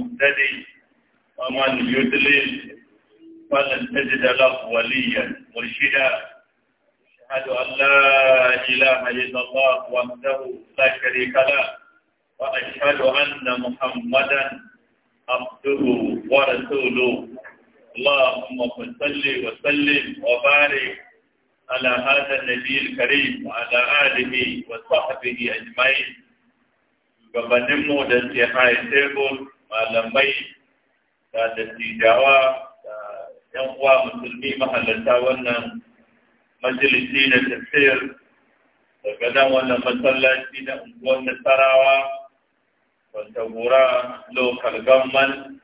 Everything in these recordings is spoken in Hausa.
مهتدي ومن يدلل فلن تجد له وليا مرشدا أشهد أن لا إله إلا الله وحده لا شريك له وأشهد أن محمدا عبده ورسوله اللهم صل وسلم وبارك على هذا النبي الكريم وعلى آله وصحبه أجمعين gabaninmu da ke haifebul malamai da dattijawa da yan uwa musulmi mahalarta wannan majalisi na tafsir daga nan wannan masallaci na unguwar nasarawa wanda gura local government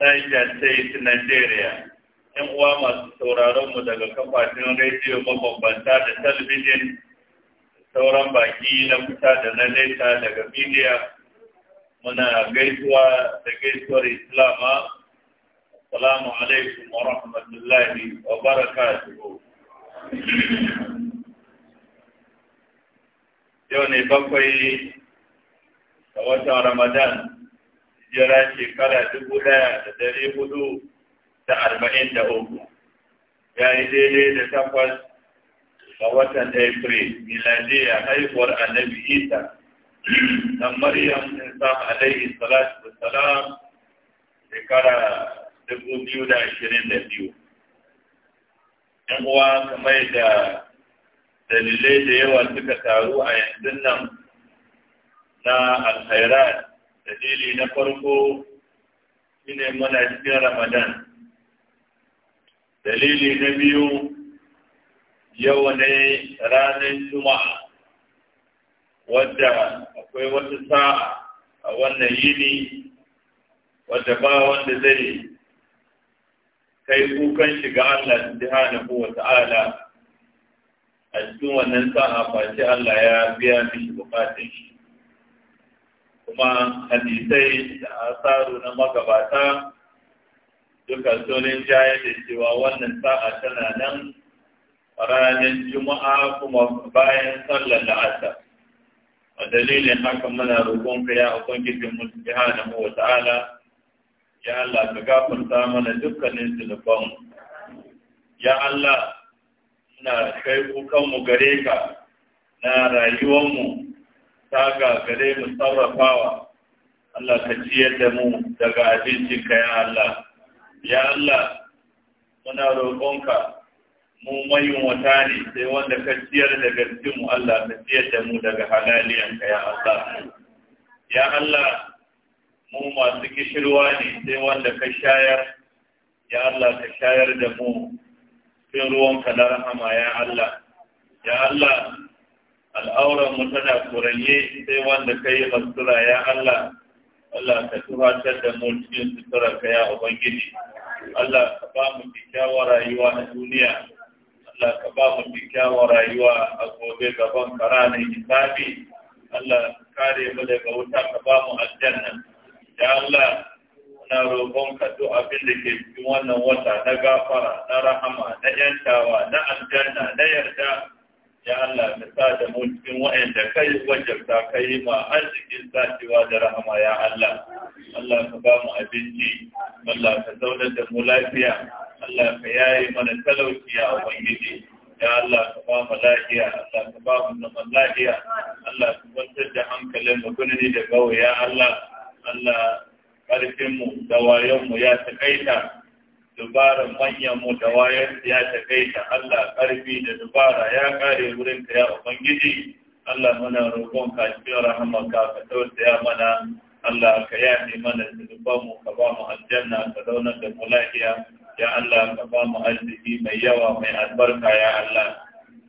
Niger State Nigeria yan uwa masu sauraron mu daga kafafen rediyo mabambanta da talabijin sauran baki na kusa da na nesa daga media muna gaisuwa da gaisuwar islama salamu alaikum wa rahmatullahi wa barakatuhu yau ne bakwai ga watan ramadan jira shekara dubu daya da dari hudu da arba'in da uku ya yi daidai da takwas ga watan april miladiyya haihuwar annabi isa dan Maryam Isa alaihi salatu wassalam shekara dubu biyu da ashirin da biyu. ‘Yan uwa mai da dalilai da yawa suka taru a yanzu nan na alkhairat dalili na farko shine muna cikin Ramadan. Dalili na biyu yau ne ranar Juma'a wadda akwai wata sa'a a wannan yini wadda ba wanda zai kai kukan shiga Allah subhanahu wa ta'ala a cikin wannan sa'a face Allah ya biya mishi bukatun shi kuma hadisai da asaru na magabata duka sunan jaya da cewa wannan sa'a tana nan ranar juma'a kuma bayan sallar la'asar dalilin haka muna roƙonka ya ubangijin mu subhanahu wa ta'ala ya Allah ka gafarta mana dukkanin zunuban ya Allah muna kai kukan mu gare ka na rayuwar mu ta ga gare mu sarrafawa Allah ka ciyar da mu daga ka ya Allah ya Allah muna rokonka. mu wata ne sai wanda ka ciyar daga mu Allah ka ciyar da mu daga ka ya Allah. Ya Allah mu masu kishirwa ne sai wanda ka shayar, ya Allah ka shayar da mu cikin ka na rahama ya Allah. Ya Allah al'auran mu tana kuranye sai wanda ka yi masura ya Allah. Allah ka tuhatar da mu cikin sutura ka ya Ubangiji. Allah ka ba mu kyakkyawar rayuwa a duniya Allah ka ba mu kyakkyawar rayuwa a gobe gaban karanin hisabi Allah kare mu daga wuta ka ba mu aljanna ya Allah na roƙon ka to abin da ke cikin wannan wata na gafara na rahama na yantawa na aljanna na yarda ya Allah ka sa da mu cikin waɗanda kai wajabta kai ma arzikin sacewa da rahama ya Allah Allah ka ba mu abinci Allah ka zaunar da mu lafiya Allah ka yaye mana talauci ya ubangiji ya Allah ka ba mu lafiya Allah ka ba mu zaman lafiya Allah ka kwantar da hankalin mu da gawa ya Allah Allah karfin mu da wayon mu ya takaita dubarar manyan mu da wayar ya takaita Allah ƙarfi da dubara ya kare wurin ka ya ubangiji Allah muna roƙon ka cikin rahamarka ka ka tausaya mana Allah ka yafe mana zunuban mu ka ba mu aljanna ka zauna da mu lafiya ya Allah ka ba mu arziki mai yawa mai albarka ya Allah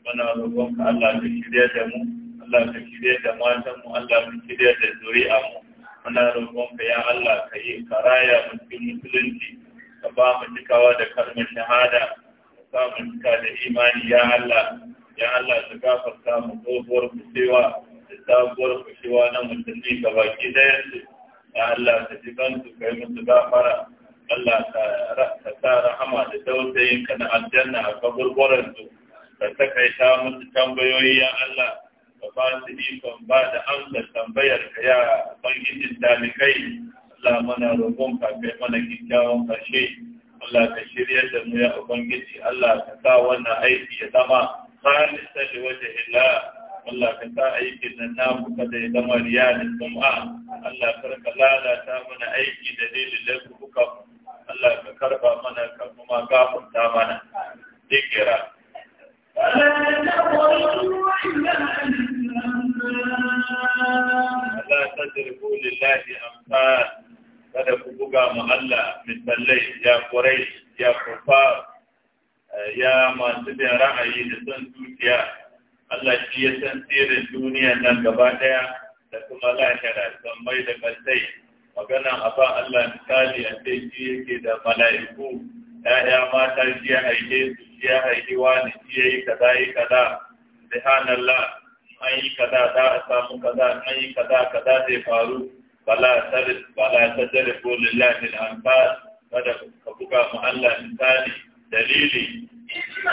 muna roƙon ka Allah ka shirya da mu Allah ka shirya da matan mu Allah ka shirya da zuri'a mu muna roƙon ka ya Allah ka yi karaya mu musulunci ka ba mu cikawa da kalmar shahada ka mu cika da imani ya Allah ya Allah ka gafarta mu tsohuwar kusewa da sabuwar kusewa na musulmi ga baki ɗayan su ya Allah ka ji kansu ka yi musu gafara Allah ka sa rahama da tausayin ka na aljanna a kaburburan su ka takaita musu tambayoyi ya Allah ka ba su ikon ba da amsar tambayar ka ya ubangijin dalikai Allah mana roƙon mana kyakkyawan ƙarshe Allah ka shirya da mu ya ubangiji Allah ka sa wannan aiki ya zama khalisan li wajhillah Allah ka sa aikin nan namu kada ya zama riya da Allah kar ka lalata mana aiki da dalilin kuka Allah ka karba mana ka kuma gafarta mana dikira فلا تدركوا لله أمثال kada ku buga mu Allah misalai ya kurai ya kufa eh, ya masu bin ra'ayi da son zuciya Allah shi ya san tsirin duniya nan gaba ɗaya da kuma lahira don mai da kaltai magana abin Allah misali a ce shi yake da mala'iku ‘ya'ya mata shi ya haike su shi ya haike wani shi ya yi kaza yi kaza zihanallah an yi kaza za a samu kaza an yi kaza kaza zai faru فلا ترد فلا تترك لله الأنفال فلا كبوكا مؤلا مثالي دليلي إن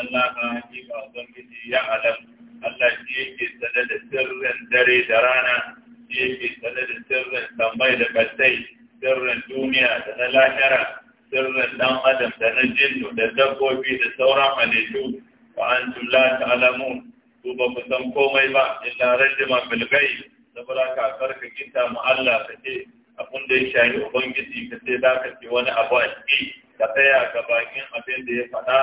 الله حقيقة أبنجي يعلم الله شيك سدد سر دري درانا شيك سدد سر تنبي لبتي سر الدنيا تنلاحرة سر الدم أدم تنجل تدبو في الثورة مليشو وأنتم لا تعلمون ku ba ku san komai ba illa rajima bil ghaib saboda ka karka kinta mu Allah kace abin da ya shayi ubangiji kace za ka ce wani abu a ciki ka tsaya ga bakin abin da ya faɗa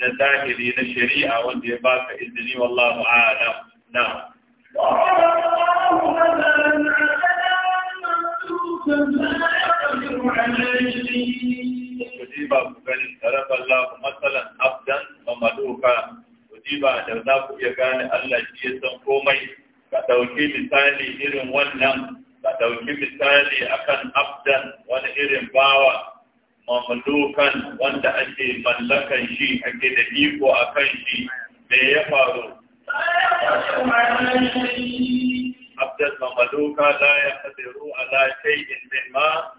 na zahiri na shari'a wanda ya baka izini wallahu a'lam na Kuji ba ku gani, tarafa Allah matsalan abdan ba madoka ba da za ku iya gane Allah shi ya san komai ka ɗauki misali irin wannan ka ɗauki misali akan abdan wani irin bawa mamlukan wanda ake mallakan shi ake da iko akan shi me ya faru abdan mamluka la ya qadiru ala shay'in ma.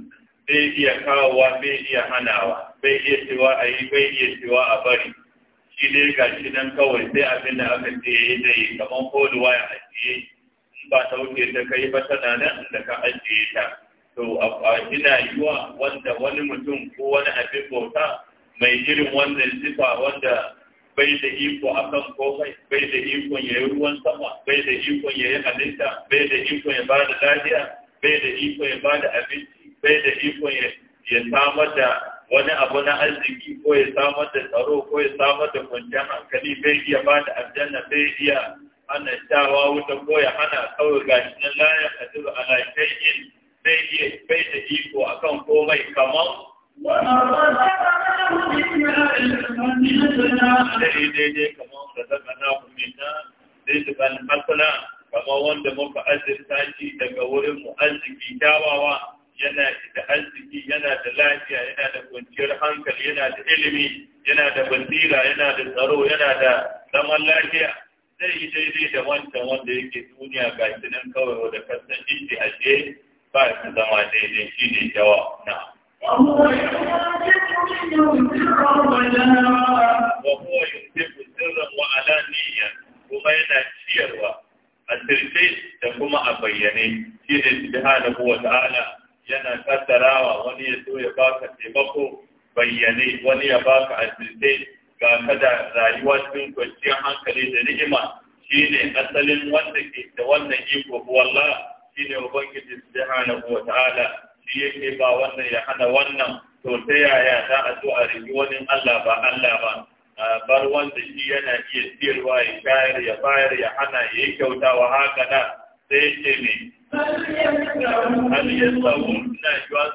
bai iya kawowa bai iya hanawa bai iya cewa a yi bai iya cewa a bari shi dai ga shi nan kawai sai abin da aka ce ya yi da yi kamar koduwa ya ajiye in ba ta wuce ta kai ba tana nan da ka ajiye ta to ina wa wanda wani mutum ko wani abin bauta mai irin wannan sifa wanda bai da iko a kan komai bai da ikon ya yi ruwan sama bai da ikon ya yi halitta bai da ikon ya ba da lafiya bai da iko ya ba da abinci bai da ikon ya samar da wani abu na arziki ko ya samar da tsaro ko ya samar da kwanciyar hankali bai iya ba da aljanna bai iya hana shawa wuta ko ya hana kawai gashi na laya a duk alaƙaƙin bai iya bai da iko akan komai kamar sai daidai kamar da zaka na kumina zai su kan hasana kamar wanda muka azirta shi daga wurin mu arziki kyawawa yana da arziki yana da lafiya yana da kwanciyar hankali yana da ilimi yana da basira yana da tsaro yana da zaman lafiya zai yi daidai da wancan wanda yake duniya ga shi nan kawai wanda kasan shi ashe ba su zama daidai shi ne jawa na وهو يمسك سرا وعلانيا kuma yana ciyarwa a sirce da kuma a bayyane shi ne subhanahu wa ta'ala yana kaddarawa wani ya so ya baka taimako bayyane wani ya baka asirce ga kada rayuwa cikin kwanciyar hankali da ni'ima shine asalin wanda ke da wannan iko wallah shine ubangiji subhanahu wa ta'ala shi yake ba wannan ya hana wannan to ta yaya za a zo a rigi wani Allah ba Allah ba bar wanda shi yana iya siyarwa ya shayar ya bayar ya hana ya yi kyautawa haka na sai ce ne har ya tsawo ina yiwa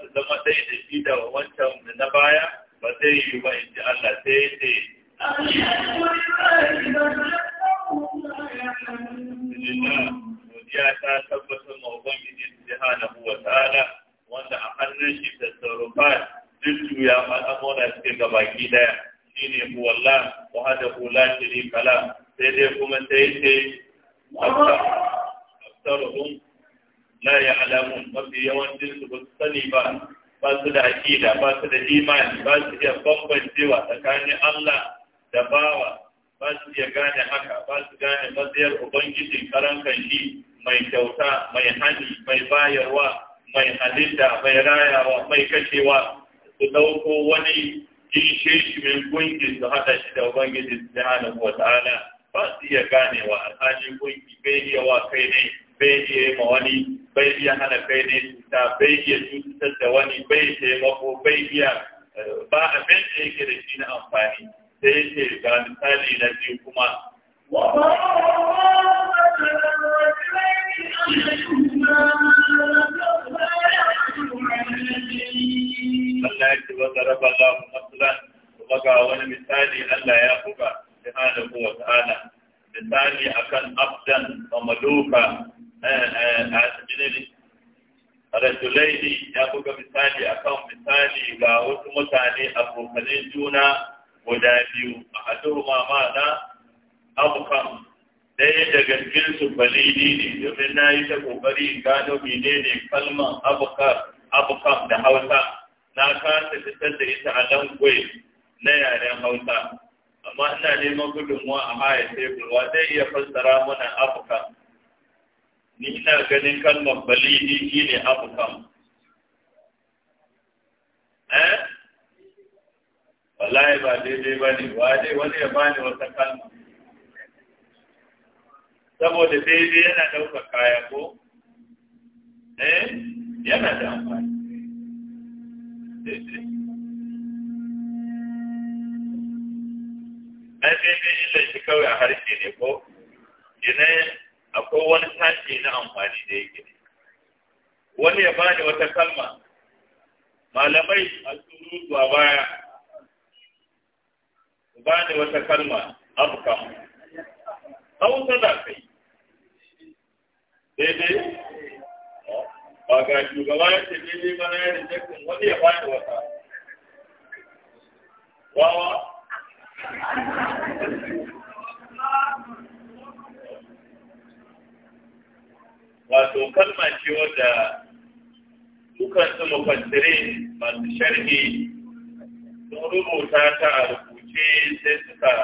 su zama dai da shi da wancan na baya ba zai yi ba in ji Allah sai ce godiya ta aqida ba su da imani ba su iya bambancewa tsakanin Allah da bawa ba su iya gane haka ba su gane matsayar ubangiji karan kanshi mai kyauta mai hani mai bayarwa mai halitta mai rayawa mai kashewa su dauko wani kishe shi mai gungi su haɗa shi da ubangiji subhanahu ko ta'ala ba su iya ganewa tsakanin gungi bai iya wa kai ne bai iya ma wani bai iya hana kai ne cuta bai iya cutar da wani bai taimako bai iya ba abin da yake da shi na amfani sai ce ga misali na biyu kuma Allah ya ce wa zaraba Allah matsalan kuma ga wani misali Allah ya buga subhanahu wa ta'ala misali akan abdan wa maluka rajulaini eh, eh, ya buga misali akan misali ga wasu mutane abokanin juna guda biyu a Mama mana abokan ɗaya daga cikin su balidi ne domin na yi ta ƙoƙari gano mene ne kalman abokan da hausa na kasa fitar da ita a gwai na yaren hausa amma ina neman gudunmuwa a haya teburwa, zai iya fassara mana abokan ni ina ganin kalmar balidi shi ne afkan eh wallahi ba daidai ba ne wa dai wani ya bani wata kalma saboda daidai yana ɗaukar kaya ko eh yana da amfani ai daidai illa shi kawai a harshe ne ko ina akwai wani sashe na amfani da yake ne wani ya bani wata kalma malamai a surutu a baya su bani wata kalma afkam hausa da kai daidai ba ga shugaba ya ce daidai ba na yari jakin wani ya bani wata wawa wato kalma ce wadda dukkan su mufassire masu sharhi sun rubuta ta a rubuce sai suka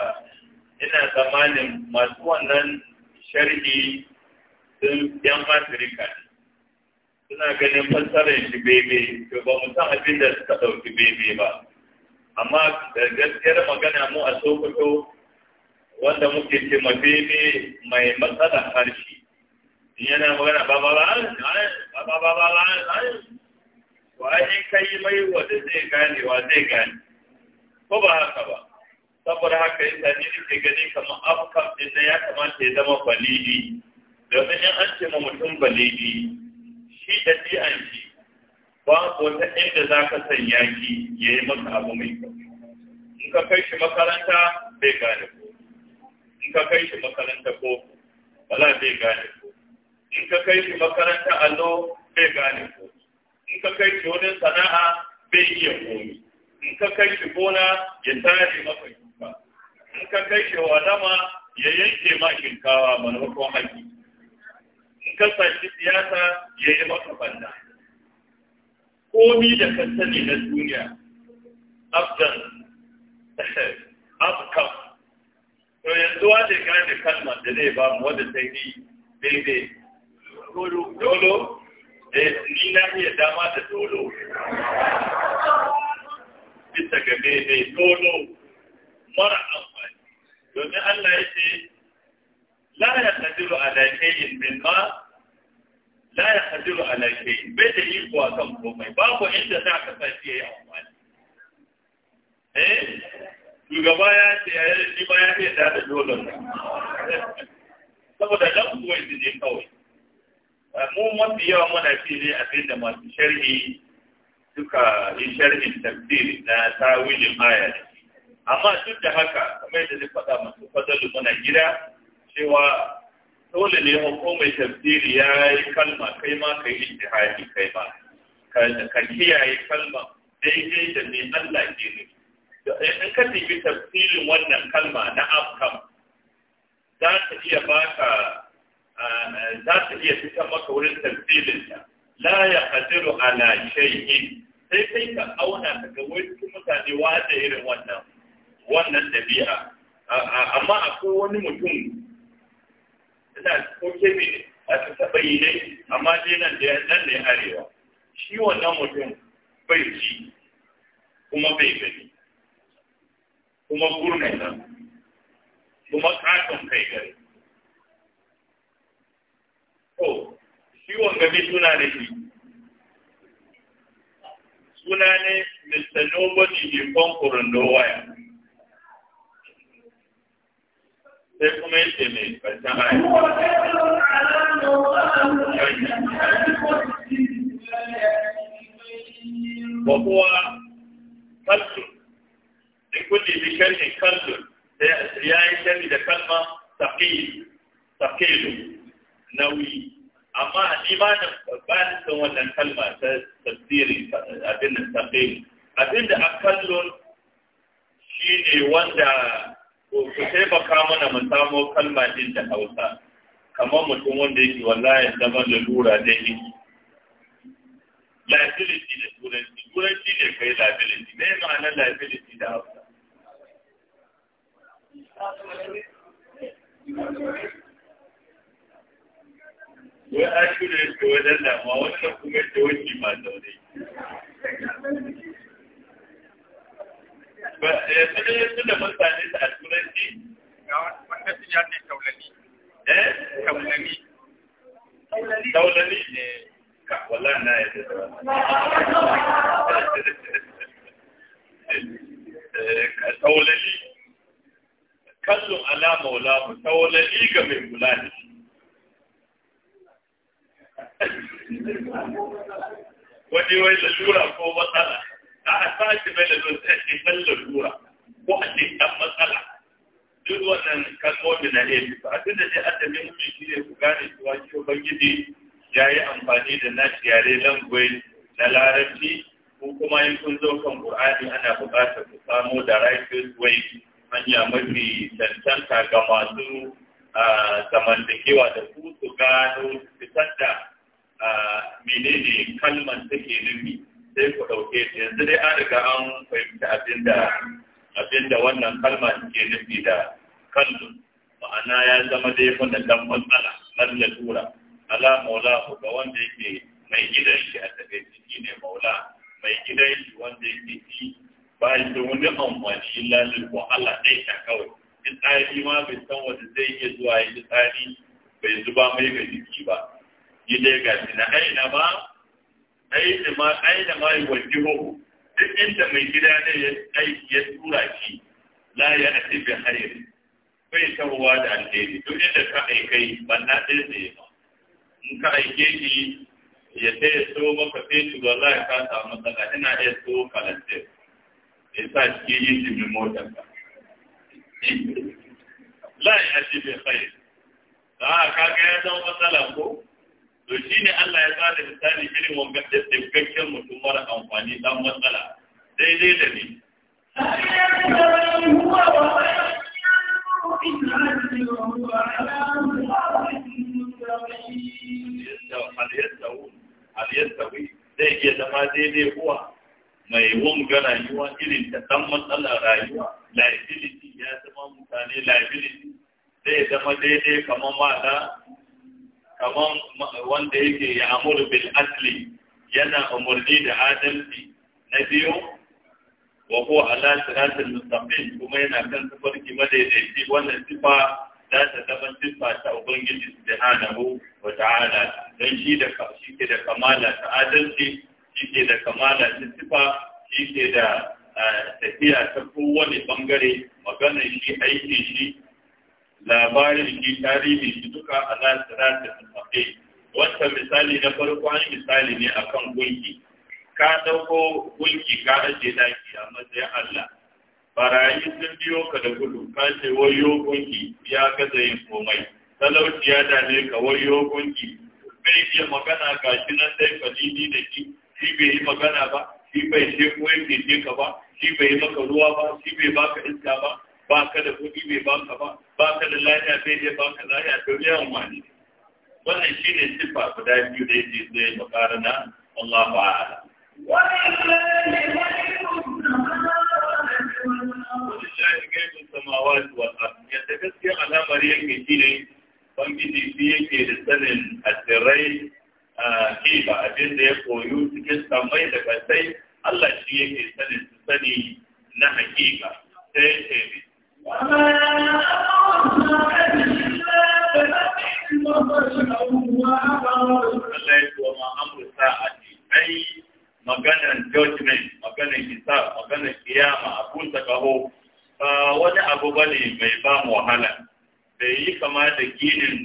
ina tsammanin masu wannan sharhi sun yan afirka suna ganin fassarar shi bebe to ba mu san abin da suka ɗauki bebe ba amma da gaskiyar magana mu a sokoto wanda muke ce ma mai matsalar harshe yana magana ba ba ba ba ba ba ba wa ai kai mai wanda zai gane wa zai gane ko ba haka ba saboda haka yasa ni nake gani kamar afkam din da ya kamata ya zama balidi domin in an ce mutum balidi shi da ji an shi ba ko ta inda za ka sanya ki ya yi maka abu mai kyau in ka kai shi makaranta bai gane ko in ka kai shi makaranta ko wala bai gane ko in ka kai shi makaranta allo bai gane ko in ka kai shi wani sana'a bai iya komi in ka kai shi gona ya tare maka shuka in ka kai shi wadama ya yanke ma shinkawa manufan haƙi in ka sashi siyasa ya yi maka banda komi da ka sani na duniya abdan abkam to yanzu ne gane kalmar da zai ba mu wanda sai ni daidai dolo eh, ni na iya dama da dolo bisa ga mai dolo mara amfani domin Allah ya ce la ya kadiru ala kayin min ba, la ya kadiru ala kayin bai da iko kuwa kan komai Ba babu inda za ka sashi ya yi amfani eh shugaba ya ce ya yi shi ba ya iya dada dole saboda dan kuwa ne kawai mu mafi yawa muna fi ne abin da masu sharhi duka yi sharhin tafsir na tawilin aya amma duk da haka kamar da zai faɗa masu fadalu muna gida cewa dole ne hukumar tafsiri ya yi kalma kai ma ka yi ijtihadi kai ma ka kiyaye kalma daidai da ne Allah ke nufi in ka tafi tafsirin wannan kalma na afkam za ta iya baka za su iya fitar maka wurin tafsirinta la ya kadiru ala shay'in sai kai ka auna ka ga wani mutane wata irin wannan wannan dabi'a amma akwai wani mutum ina ko ne. a ta taba yi ne amma dai nan da nan ne arewa shi wannan mutum bai ji kuma bai gani kuma gurnan kuma katon kai gari ciwon gabi suna da shi suna ne mr nobody ne konkurin waya sai kuma yake mai ƙarshen haya kuwa kalsun in kuɗi bi sharhin kalsun ya yi sharhi da kalma taƙi taƙilu nauyi amma ba da kan wannan kalma ta tafsiri abin da tafi abin da akallon shi ne wanda ku taimaka mana mu samo kalma din da hausa kamar mutum wanda yake wallahi zama da lura da yi liability da turanci turanci ne kai liability ne ma'ana liability da hausa wai an shi da wajen wannan kuma ba yanzu da yanzu da mutane da turanci ga wanda ya ce eh ne eh. na ka eh, kallon alama wala mu taulali ga mai kula da shi wani wai lalura ko matsala a a sashi mai lalura ta ce da lalura ko a ce ɗan matsala duk wannan kalmomi na iya bisa a duk da dai adabi mutum shi ne ku gane cewa shi ubangiji ya yi amfani da nashi yare gwai na larabci ko kuma in kun zo kan Qur'ani ana buƙatar ku samo da righteous way hanya mafi cancanta ga masu ah, zamantakewa da su su gano fitar da menene kalmar take nufi sai ku ɗauke ta yanzu dai an riga an fahimci abinda abinda wannan kalma take nufi da kallu ma'ana ya zama dai wanda dan matsala nan tura. ala maula ga wanda yake mai gidan shi a take ciki ne maula mai gidan shi wanda yake ci ba shi da wani amfani illa lil wahala dai ta kawai in ma bai san wanda zai iya zuwa ya tsari bai zuba mai ga ba gile ga shi na aina ba aina ma aina ma yi wajibo duk inda mai gida ne ya aiki ya tura shi la ya ake bi hayri bai tabbawa da alheri duk inda ka aikai na ɗaya ne ba in ka aike shi ya ta yi so maka sai shi wallahi ka samu matsala ina ya so kalantir ya sa shi yi mai motar ka la ya ake bi hayri za a kaga ya zama matsala ko to shi ne Allah ya bada misali irin wanga da tsibgakken mutum mara amfani dan matsala daidai da ni hal yastawi zai iya zama daidai kuwa mai wunga rayuwa irin ta dan matsalar rayuwa liability ya zama mutane liability zai zama daidai kamar mata kaman wanda yake ya amuru bil asli yana umarni da adalci na biyu wa ko ala siratul mustaqim kuma yana kan tafarki madaidaici wannan sifa za ta zama sifa ta ubangiji subhanahu wa ta'ala dan shi da shi ke da kamala ta adalci shi ke da kamala ta sifa shi ke da tafiya ta kowane bangare maganar shi aiki shi labarin shi tarihi shi duka ala siratul ce wata misali na farko an misali ne akan gunki ka dauko gunki ka ajiye daki a matsayin Allah barayi sun biyo ka da gudu ka ce wayo gunki ya gaza yin komai talauci ya dame ka wayo gunki bai iya magana ga shi nan sai fadidi da Shi? shi bai yi magana ba shi bai ce ko yake ce ka ba shi bai yi maka ruwa ba shi bai baka iska ba ba ka da kuɗi bai baka ba ba ka da lafiya bai je baka lafiya to yawan wani wannan shi ne siffa guda biyu da yake zai makara na Allah ba ala. Wani shafi gaibin samawa su wata, yadda gaskiyar alamar yake shi ne bangiji shi yake da sanin asirai a ba abin da ya koyu cikin samai da kasai Allah shi yake sanin su sani na hakika sai ya ce ne. Allah ya tuwa ma amur sa'adi ai maganan judgment maganan hisab maganan kiyama a Kusa kaho wani abu ba ne mai ba mu wahala da yi kama da ginin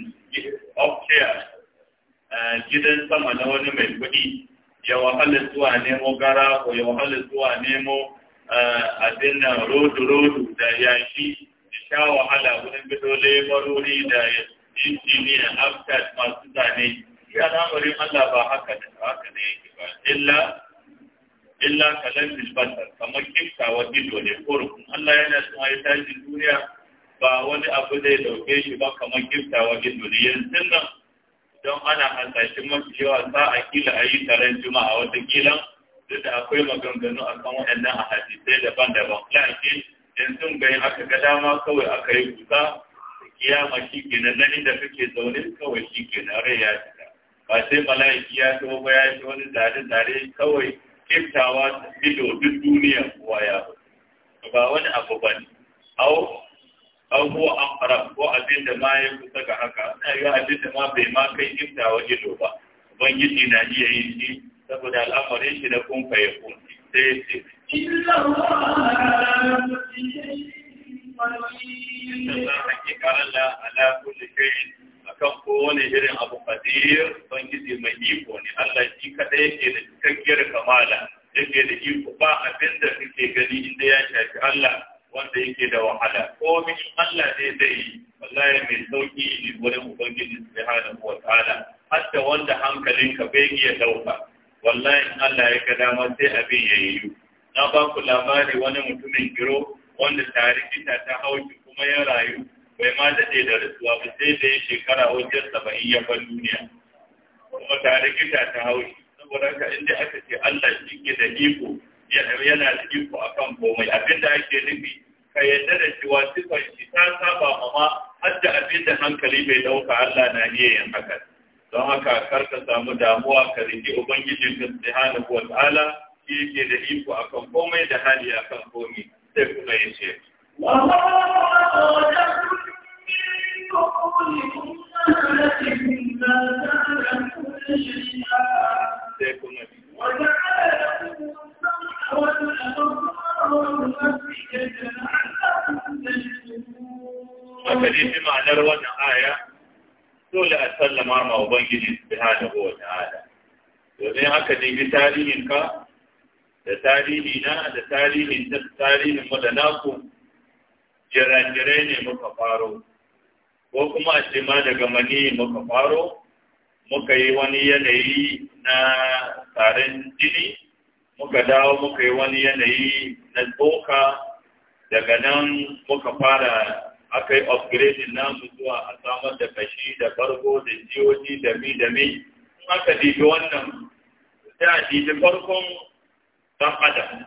upstairs eh, gidan sama na wani mai kuɗi ya wahala zuwa nemo gara ko ya wahala zuwa nemo eh, abin nan rodu rodu da yashi ya sha wahala wurin bido lebarori da ya injiniya aftat masu zane shi al'amarin Allah ba haka da haka ne yake ba illa illa kalan bilbatar kamar kiftawan ido ne rukun Allah yana son ya tashi duniya ba wani abu da ya dauke shi ba kamar kiftawan ido ne yanzu nan don ana hasashen mafi yawa za a kila a yi taron juma'a watakila duk da akwai maganganu a kan waɗannan a hadisai daban-daban lakin yanzu ga yin aka ga dama kawai aka yi kusa kiyama shi ke nan nan da kake zaune kawai shi ke nan rai ya shiga ba sai mala'iki ya to ba ya wani dare dare kawai kiftawa ido duk duniya kowa ya ba wani abu ba ne au au ko an fara ko abin da ma ya kusa ga haka na ga abin da ma bai ma kai kiftawa ido ba ubangiji na iya yin shi saboda al'amarin shi na kun ya kun sai sai Inda hakika Allah ala kulli shay'in kan kowane irin abu qadir bangiji mai iko ne Allah shi kaɗai yake da cikakkiyar kamala yake da iko ba abin da kake gani inda ya shafi Allah wanda yake da wahala ko min Allah ne zai yi wallahi mai sauki ne wurin ubangiji subhanahu wa ta'ala hatta wanda hankalinka bai iya dauka wallahi Allah ya ga dama sai abin ya yi na ba ku labari wani mutumin giro wanda tarikita ta hauki kuma ya rayu bai ma daɗe da rasuwa ba sai da ya shekara wajen saba'in ya bar duniya kuma tarikita ta hauki saboda ka inda aka ce Allah shi ke da iko yana da iko akan komai Abin da ake nufi ka yadda da cewa sifar shi ta saba ma ma har da abinda hankali bai ɗauka Allah na iya yin haka don haka kar ka samu damuwa ka rike ubangijin ka subhanahu wa ta'ala shi ke da iko akan komai da hali akan komai sai kuma ya ce sai kuma Maka ne fi ma'anar wannan aya, dole a sallama ma Ubangiji su fi hana kowace ala. Domin haka ne tarihin ka da tarihi na da tarihin da tarihin mu da naku jira ne muka faro ko kuma a ce ma daga mani muka faro muka yi wani yanayi na tsarin jini muka dawo muka yi wani yanayi na tsoka daga nan muka fara aka yi upgrading namu zuwa a samar da kashi da farko da jiyoji da mi da mi in aka wannan sai a farkon ɗan adam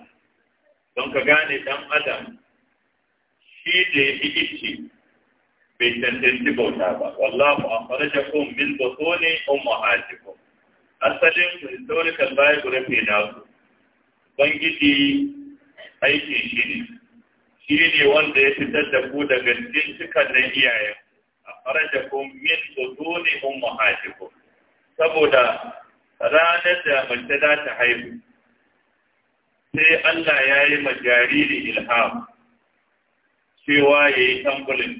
don ka gane ɗan adam shi da ya ice bai tantanci bauta ba wallahu a farajar kun min zato ne un mahajikun asalin historical biography na ku bangiji aiki shi ne shi ne wanda ya fitar da ku daga cikin na iyayen a farajar kun min zato ne un mahajikun saboda ranar da mace za ta haihu sai Allah ya yi ma jariri ilham cewa ya yi tambulin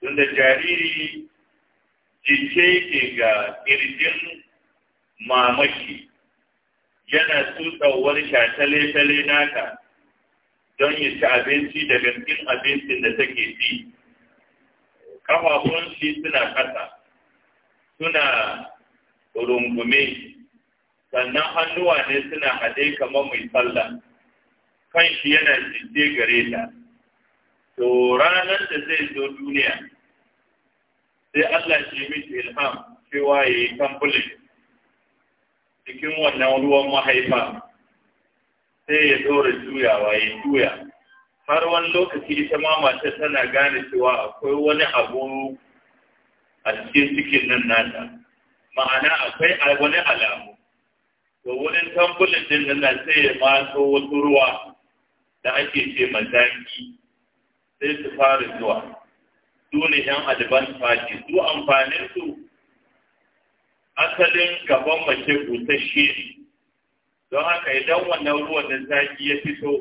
tunda jariri jike ke ga ƙirjin mamaki yana tutsawar shatale-tale naka don ya ci abinci da gaskin abincin da take fi kafafun shi suna kasa suna rungume sannan hannuwa ne suna haɗe kamar mai sallah kan shi yana jidde gare ta to ranar da zai zo duniya sai Allah shi mishi ilham cewa ya yi tambulin cikin wannan ruwan mahaifa sai ya dora juyawa ya juya har wani lokaci ita ma tana gane cewa akwai wani abu a cikin cikin nan nata ma'ana akwai wani alamu to wurin tambulin din nan sai ya mato wasu ruwa da ake ce madangi sai su fara zuwa su ne yan advance party su amfanin su asalin gaban mace busasshe ne don haka idan wannan ruwan da zaki ya fito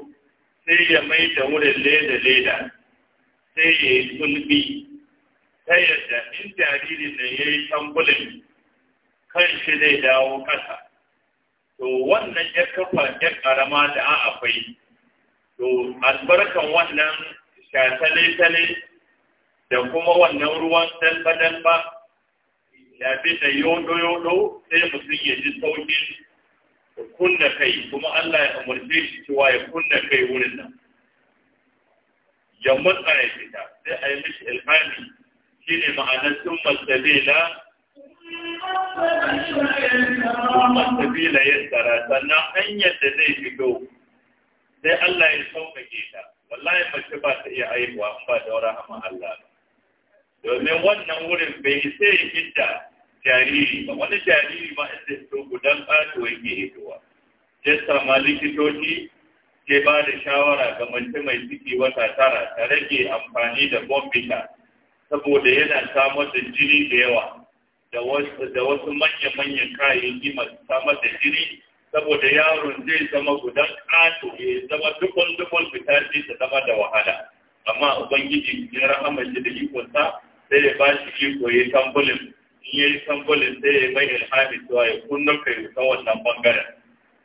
sai ya mai da wurin leda-leda sai ya yi sulbi ta yadda in jaririn da ya yi tambulin kan shi zai dawo ƙasa to wannan ya kafa yar karama da a akwai to albarkan wannan shatale-tale da kuma wannan ruwan dalba-dalba ya fi da yodo-yodo sai mutum ya ji saukin kunna kai kuma Allah ya amurce shi cewa ya kunna kai wurin nan ya matsa ya fita sai a yi mishi ilhami shi ne ma'anar sun masabila sabila ya tsara sannan hanyar da zai fito sai Allah ya sauƙaƙe ta wallahi mace ba ta iya aihuwa ba da rahama Allah domin wannan wurin bai sai ya jariri ba wani jariri ba a to gudan ƙato yake hitowa ya sama likitoci ke ba da shawara ga mace mai ciki wata tara ta rage amfani da bombita saboda yana samar da jini da yawa da wasu manya-manyan kayayyaki masu samar da jiri saboda yaron zai zama gudan kato ya zama dukkan-dukkan fita ce ta zama da wahala amma ubangiji ya rahama shi da ikonsa sai ya ba shi iko ya tambulin in ya yi tambulin sai ya mai ilhami cewa ya kunna kai ta wannan bangare.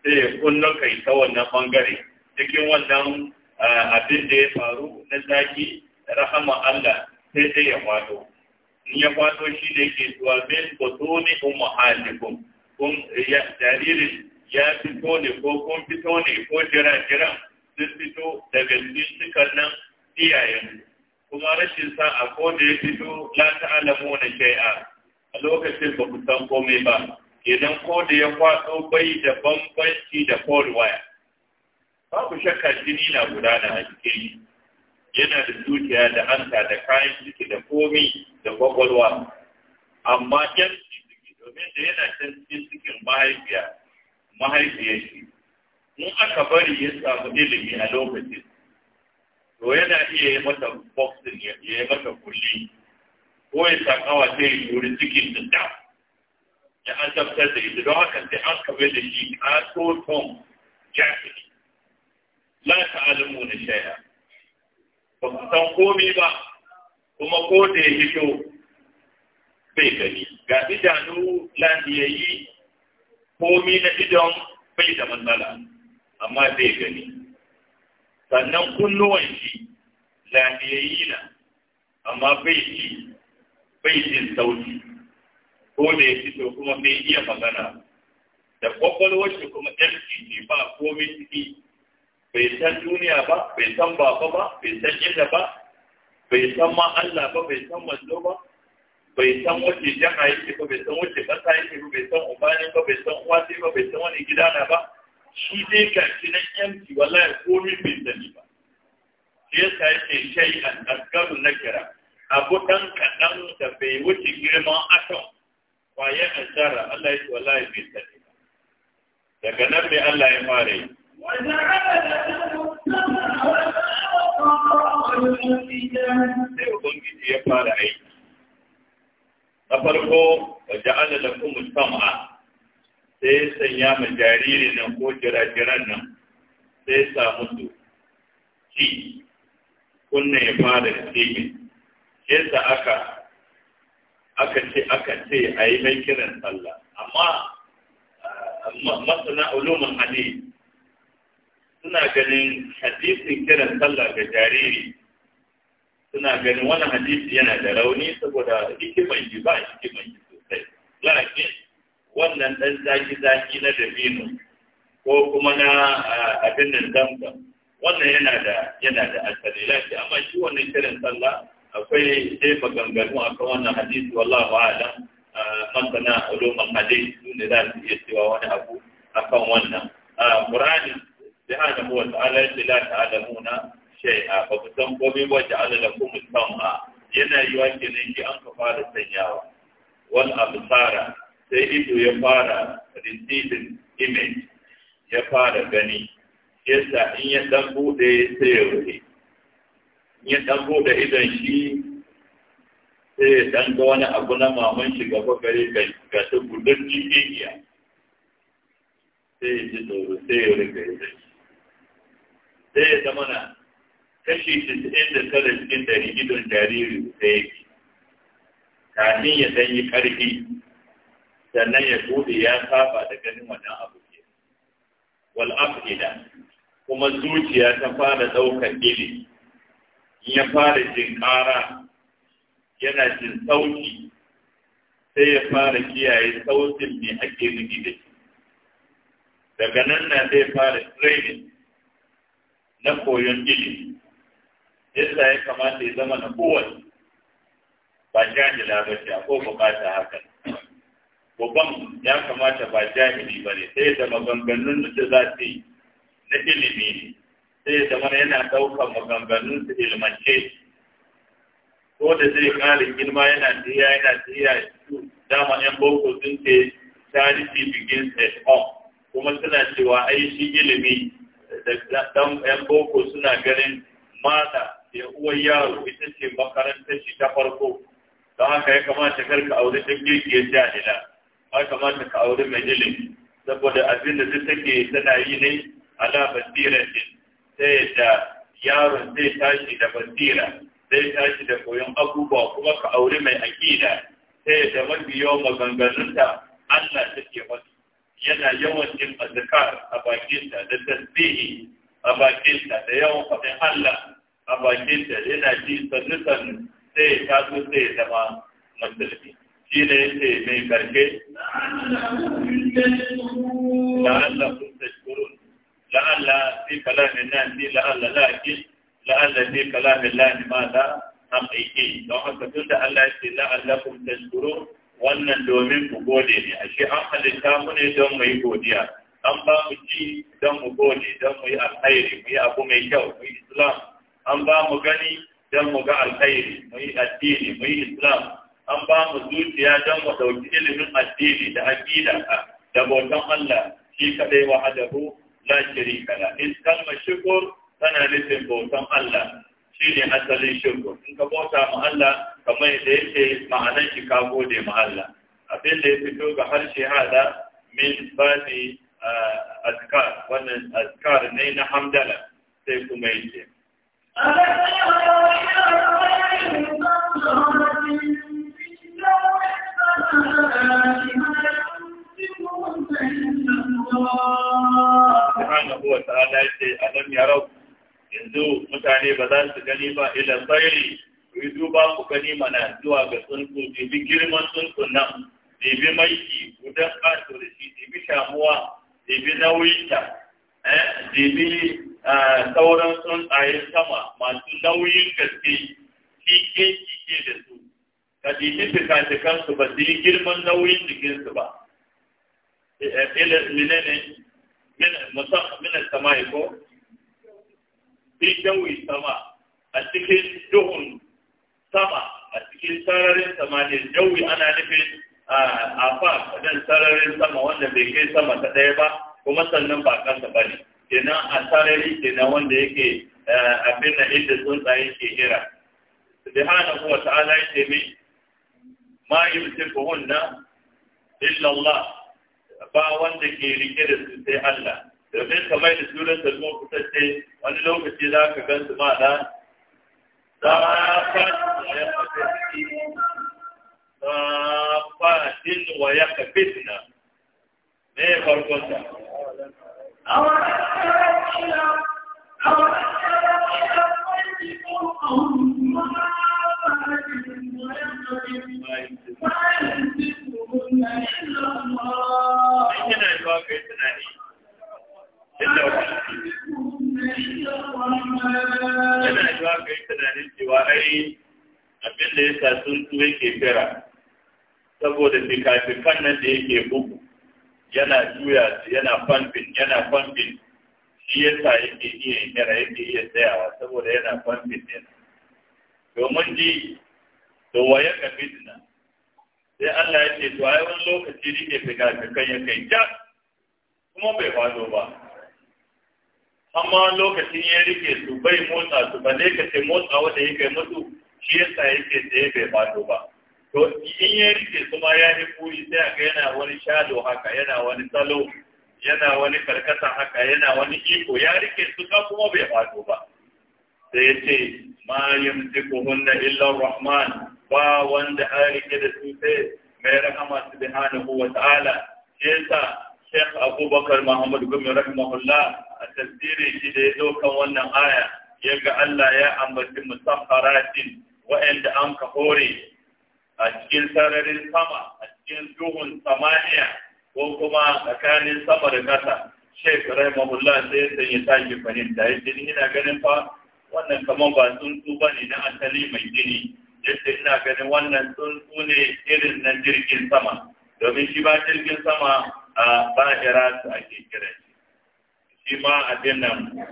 sai ya kunna kai ta wannan bangare cikin wannan ah, abin da ya faru na zaki rahama Allah sai dai ya wato. in ya kwato shi ne ke zuwa min butuni ummahatikum kun ya jaririn ya fito ne ko kun fito ne ko jira jira sun fito daga cikin cikan nan iyayen kuma rashin sa a ko da ya fito la alamu na shay'a a lokacin ba ku san komai ba idan ko da ya kwato bai da bambanci da cold wire babu shakka jini na gudana a cikin yana da zuciya da hanta da kayan ciki da komai. da kwakwalwa amma kyan ciki domin da yana can cikin mahaifiya mahaifiyar shi in aka bari ya samu ilimi a lokacin to yana iya yi mata boxing ya yi mata kushi. ko ya sakawa ta yi wuri cikin da da ya an tabbatar da ita don haka sai an kabe da shi a tsohon jahili la alamu na shaya ba ku san komai ba kuma ko da ya hito bai gani ga idanu ko komi na idon bai da matsala amma bai gani sannan kunnuwan shi yi na amma bai ji bai jin sauti ko da ya fito kuma bai iya magana da kwakwalwar shi kuma ɗan ne ba komi ciki bai san duniya ba bai san baba ba bai san inda ba bai san ma Allah ba bai san manzo ba bai san wace jama'a yake ba bai san wace kasa yake ba bai san ubani ba bai san uwa ba bai san wani gida na ba shi dai ga shi nan yanci wallahi komai bai sani ba shi yasa yake shay'an asgaru kira abu dan kaɗan da bai wuce girman atom kwaye tsara. Allah ya ce wallahi bai sani daga nan ne Allah ya fara yi sai ubangiji ya fara aiki na farko ana ja'ala kuma sam'a sai sanya ma jariri nan ko jira-jiran nan sai samu su ci kunna ya fara cikin yadda aka aka ce aka ce a yi mai kiran sallah amma ah, masana ulumin hadisi suna ganin hadisin kiran sallah ga jariri suna ganin wannan hadisi yana da rauni saboda hikiman ji ba hikiman ji sosai lakin wannan ɗan zaki-zaki na dabino ko kuma na abin nan zamba wannan yana da yana da asali lakin amma shi wannan kiran sallah akwai dai maganganu akan wannan hadisi wallahu a'lam masana ulumul hadisi ne za su iya cewa wani abu akan wannan qur'ani subhanahu wa ta'ala ya ce la ta'lamuna shay'a ba ku san komai ba ja'ala lakum sam'a yana yiwa kenan ki an ka fara sanyawa wal absara sai ido ya fara receiving image ya fara gani yasa in ya dan sai ya rufe in ya dan idan shi sai ya dan ga wani abu na maman shi gaba gare ga ga ta gudun cikin sai ya ji tsoro sai ya rufe sai ya zama na kashi tisa'in da tara cikin dari idon jariri sai yake kafin ya sanyi ƙarfi sannan ya bude ya saba da ganin wannan abu ke wal kuma zuciya ta fara ɗaukar ili ya fara jin ƙara yana jin sauki sai ya fara kiyaye sautin ne ake nufi da shi daga nan na zai fara training na koyon ilimi yadda ya kamata ya zama na kowane ba jahila ba ce ko bukata haka babban ya kamata ba jahili ba ne sai da maganganun da za su yi na ilimi ne, sai da mana yana ɗaukar maganganun su ilmance ko da zai ƙarin girma yana tiya yana tiya dama yan boko sun ce charity begins at home kuma suna cewa ai shi ilimi ɗan boko suna ganin mata ya uwar yaro ita ce makarantar shi ta farko don haka ya kamata kar ka aure ta girki ya sha ila ba kamata ka aure mai ilimi saboda abin da ta take tana yi ne ala basira ɗin, sai da yaron zai tashi da basira zai tashi da koyon abubuwa kuma ka aure mai aƙida sai da mafi yawan maganganunta Allah take wasu yana yawan yin azkar a bakinsa da tasbihi a bakinsa da yawan faɗin Allah a bakinsa yana ji sannu sai ta so sai zama musulmi shi ne yake mai karshe la'alla kun tashkurun la'alla fi kalamin nan ni la'alla lakin la'alla fi kalamin lani ma da haƙiƙi don haka tun da Allah ya ce la'alla kun tashkurun wannan domin ku gode ne ashe an halitta mu ne don mu yi godiya an ba mu ji don mu gode don mu yi alkhairi mu yi abu mai kyau mu yi islam an ba mu gani don mu ga alkhairi mu yi addini mu yi islam an ba mu zuciya don mu ɗauki ilimin addini da aƙida da bautan Allah shi kaɗai wahadahu la sharika la in kalmar shukur tana nufin bautan Allah shi ne asalin shirku in ka bauta ma Allah kamar yadda yake ma'anar shi ka gode ma Allah abin da ya fito ga harshe hada min bani azkar wannan azkar ne na hamdala sai kuma yake Subhanahu wa ta'ala ya ce, Adam ya rauka yanzu mutane ba za su gani ba idan tsairi ku duba ku gani mana zuwa ga tsuntsu ɗibi girman tsuntsun nan ɗibi maiki gudan ƙato da shi ɗibi shamuwa ɗibi nauyinta ɗibi eh, sauran tsuntsayen sama masu nauyin gaske kike kike da su ka ɗibi kansu ba su yi girman nauyin jikinsu ba. Eh, eh, menene min sama ko fi sama a cikin duhun sama a cikin sararin sama ne dawi ana nufin a fa dan sararin sama wanda bai kai sama ta ɗaya ba kuma sannan ba kansa ba ne kenan a sarari kenan wanda yake abin da inda tsuntsaye ke hira subhanahu wa ta'ala yake mai ma yumsikuhunna illa Allah ba wanda ke rike da su sai Allah domin kamar da turan da mu kusance wani lokaci za ka gan su ma da safatin wa ya kafitna me ya farkon ta Ina yi wa kai tunani illa wa yana yi wa kai tunanin cewa ai abin da ya sa sun tuwe ke fira saboda fikafikan nan da yake bugu yana juya yana fanfin yana fanfin shi ya sa yake iya fira yake iya tsayawa saboda yana fanfin ne domin ji da waye ka fitna sai Allah ya ce to ai wani lokaci ne rike fikafikan ya kai ja kuma bai fado ba amma lokacin ya rike su bai motsa su ba ne ka ce motsa wanda kai mutu shi sa yake tsaye bai fado ba to in ya rike su ma ya yi kuri sai a ga yana wani shado haka yana wani salo yana wani karkata haka yana wani iko ya rike su ka kuma bai fado ba sai ya ce ma yamsikuhunna illar rahman ba wanda an rike da su sai mai rahama subhanahu wa ta'ala shi sa Sheikh Abubakar Muhammadu Gumi rahimahullah a tasiri shi da ya daukan wannan aya ya ga Allah ya ambaci musaffaratin wa'anda an ka hore a cikin sararin sama a cikin duhun samaniya ko kuma tsakanin sama da ƙasa Sheikh Rahimahullah sai sai ya tashi fahimta ya jini ina ganin fa wannan kamar ba tsuntsu ba ne na asali mai jini yadda ina ganin wannan tsuntsu ne irin na jirgin sama domin shi ba jirgin sama a ba a ake kiran shi ma abin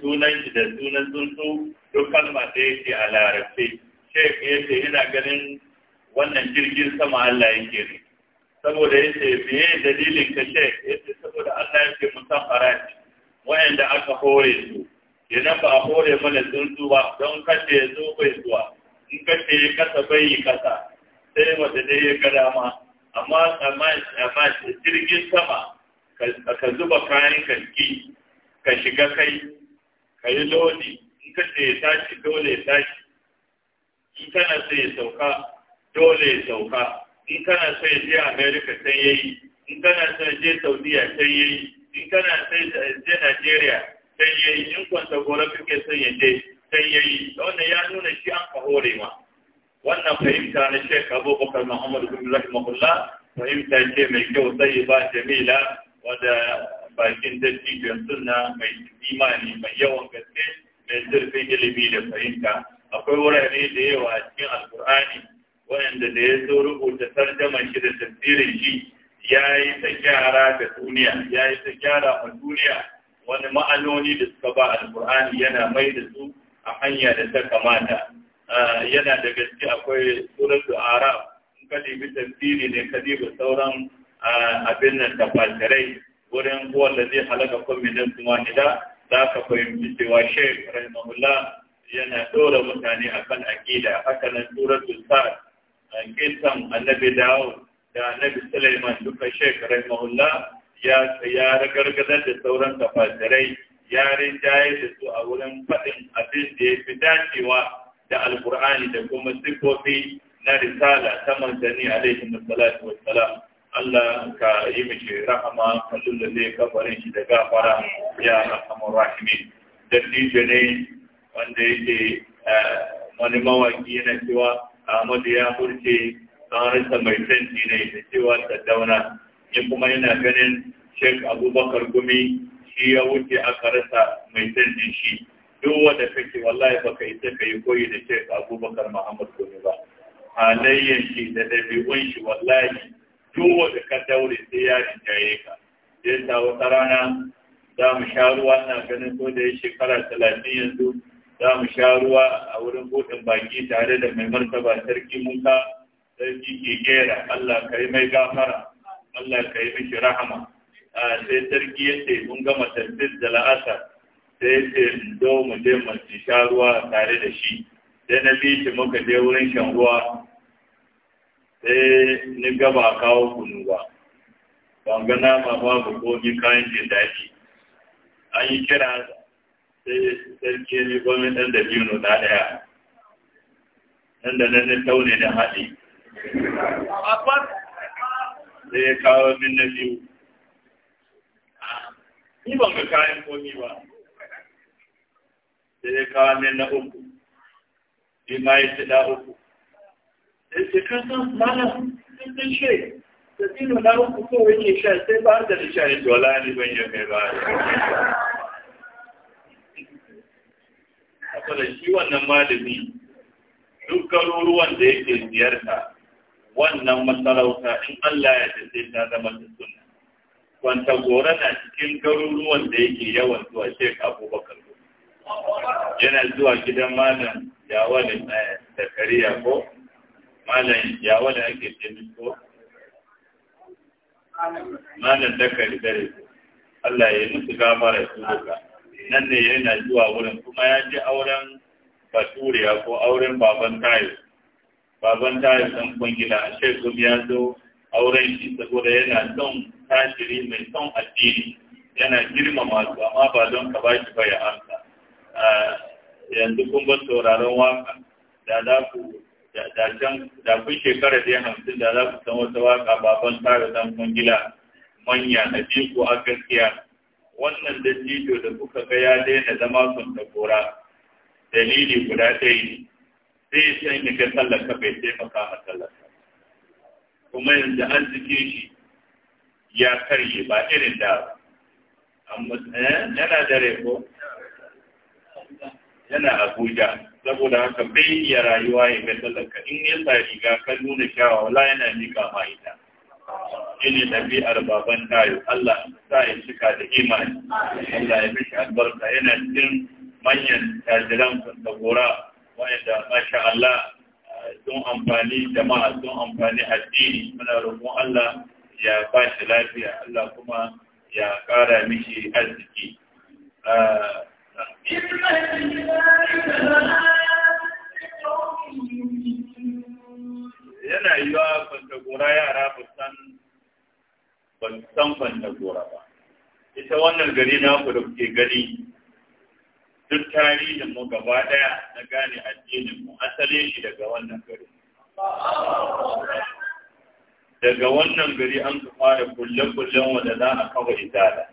sunan shi da sunan tsuntsu duk kalma da yake a larabce shi ya ce ina ganin wannan jirgin sama Allah yake ne saboda ya ce meye dalilin ka shi ya ce saboda Allah yake musan farashi wayanda aka hore su idan ba a hore mana tsuntsu ba don kashe ya zo bai zuwa in kashe ya kasa bai yi kasa sai wata dai ya ga dama amma amma jirgin sama ka zuba kayan kalki ka shiga kai ka yi lodi in ka ce ya tashi dole ya tashi in kana so ya sauka dole ya sauka in kana so ya je america sai ya yi in kana so ya je saudiya sai ya yi in kana so ya je nigeria sai ya yi in kwanta gora kake son ya je sai ya yi wannan ya nuna shi an kahore ma wannan fahimta na shek abubakar muhammadu bin rahimahullah fahimta ce mai kyau sai ba jamila wadda bakin dattijan suna mai imani mai yawan gaske mai zurfin ilimi da fahimta akwai wurare da yawa a cikin alkur'ani waɗanda da ya zo rubuta tarjaman shi da tafsirin shi ya yi ta gyara ga duniya ya yi ta gyara a duniya wani ma'anoni da suka ba alkur'ani yana mai da su a hanya da ta kamata yana da gaske akwai da arab in ka tafsiri ne ka sauran abin nan tafasirai wurin huwa zai halaka kun min wahida za ka fahimci cewa shaykh rahimahullah yana ɗora mutane akan aƙida haka nan suratul a kisan annabi dawo da annabi Suleiman duka shaykh rahimahullah ya ya ragargazar da sauran tafasirai ya rinjaye da su a wurin faɗin abin da ya fi dacewa da alkur'ani da kuma sifofi na risala ta manzanni alaihi salatu Allah ka yi mishi rahama ka lullube kafarin shi da gafara ya rahamun rahimi dattijo ne wanda yake eh, wani mawaki yana cewa Ahmadu ya furce tsarinsa mai santi ne da cewa dauna. ya kuma yana ganin shek Abubakar Gumi shi ya wuce aka rasa mai santi shi duk wanda kake wallahi baka isa ka yi koyi da Sheikh Abubakar Muhammad Gumi ba halayyar shi da ɗabi'un shi wallahi wanda ka daure sai ya rinjaye ka sai ta wata rana za mu sha ruwa na ganin ko da shekara talatin yanzu za mu sha ruwa a wurin buɗin baki tare da mai martaba sarki musa sarki ke gera allah ka yi mai gafara allah ka yi mishi rahama sai sarki ya ce mun gama tafsir da la'asar sai ya ce zo mu je mu sha ruwa tare da shi sai na bi shi muka je wurin shan ruwa sai ni gaba kawo kunu ba ban ga ba babu komi kayan jin daji an yi kira sai sarki ne gwamnati ɗan da biyu na ɗaya nan da nan taune da haɗi sai ya kawo min na biyu ni ban ga kayan komi ba sai ya kawo min na uku ni ma yi shida uku da ka san malam sun sun shi da dino na uku ko yake sha sai ba da sha ya dola ne ban yi mai ba saboda shi wannan malami duk garuruwan da yake ziyarta wannan masarauta in Allah ya ce sai ta zama da sunna wanta gora na cikin garuruwan da yake yawan zuwa Sheikh Abubakar yana zuwa gidan malam Jawa da eh, kariya ko malam ya wani ake taimako malam dakari dare Allah ya yi musu gamara su duka nan ne yana zuwa wurin kuma ya ji auren baturiya ko auren baban tayo baban tayo ɗan kungila a shekul ya zo auren shi saboda yana son tashiri mai son addini yana girmama masu amma ba don ka ba shi ba ya amsa ah, yanzu kun ba sauraron waka da za ku da can da kun shekara da hamsin da za ku san wata waka baban tara dan kwangila manya na jiko a gaskiya wannan da jijo da kuka ga ya daina zama sun da dalili guda ɗaya ne zai sanya ga ka bai taimaka ma kuma yanzu an jike shi ya karye ba irin da eh, yana da rebo yana abuja saboda haka bai iya rayuwa ya ga talaka in ya sa riga ka nuna kyawa wala yana mika ma ita shine ɗabi'ar baban tayo Allah sa ya cika da imani Allah ya mishi albarka yana cikin manyan tajiran gora wanda masha Allah sun amfani jama'a sun amfani addini muna roƙon Allah ya ba shi lafiya Allah kuma ya ƙara mishi arziki ah, yana yiwa kwanta gora yara ba san kwanta gora ba ita wannan gari na ku da kuke gani duk tarihin mu gaba daya na gane addinin mu asale shi daga wannan gari daga wannan gari an ka fara kullum-kullum wanda za a kawai izala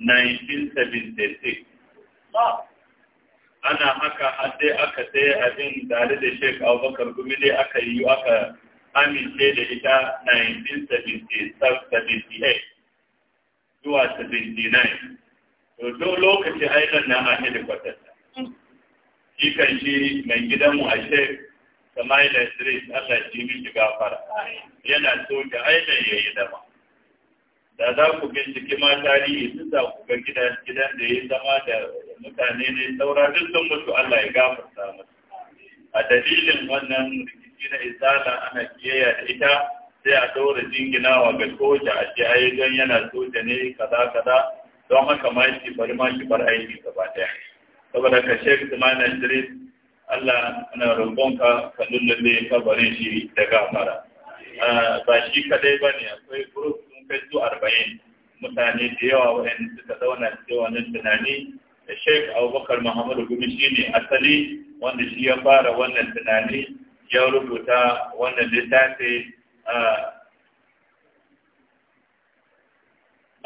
1976 ana haka har aka sai abin tare da sheik abubakar gumi dai aka yi aka amince da ita 1978 zuwa 79 to duk lokaci aikin na da kwatanta. shi kan shi mai gidanmu a sheik Sama'ila Street, Allah shi min shiga fara yana so da aikin ya dama da za ku binciki ma tarihi sun za ku ga gidan da ya zama da mutane ne saura duk sun mutu Allah ya gafarta musu a dalilin wannan rikici na isala ana kiyaya da ita sai a daura jinginawa ga soja a ce ayi don yana soja ne kaza kaza don haka ma shi bari ma shi bar aiki gaba daya saboda ka shek tumana idris Allah na roƙonka ka lullube kabarin shi daga gafara ah, ba shi kadai ne, akwai grup بدو أربعين مثاني ديو أو إن تتدون ديو أن الفناني الشيخ أو بكر محمد قمشيني أصلي وان الشيخ وان الفناني يورو بوتا وان الدساتي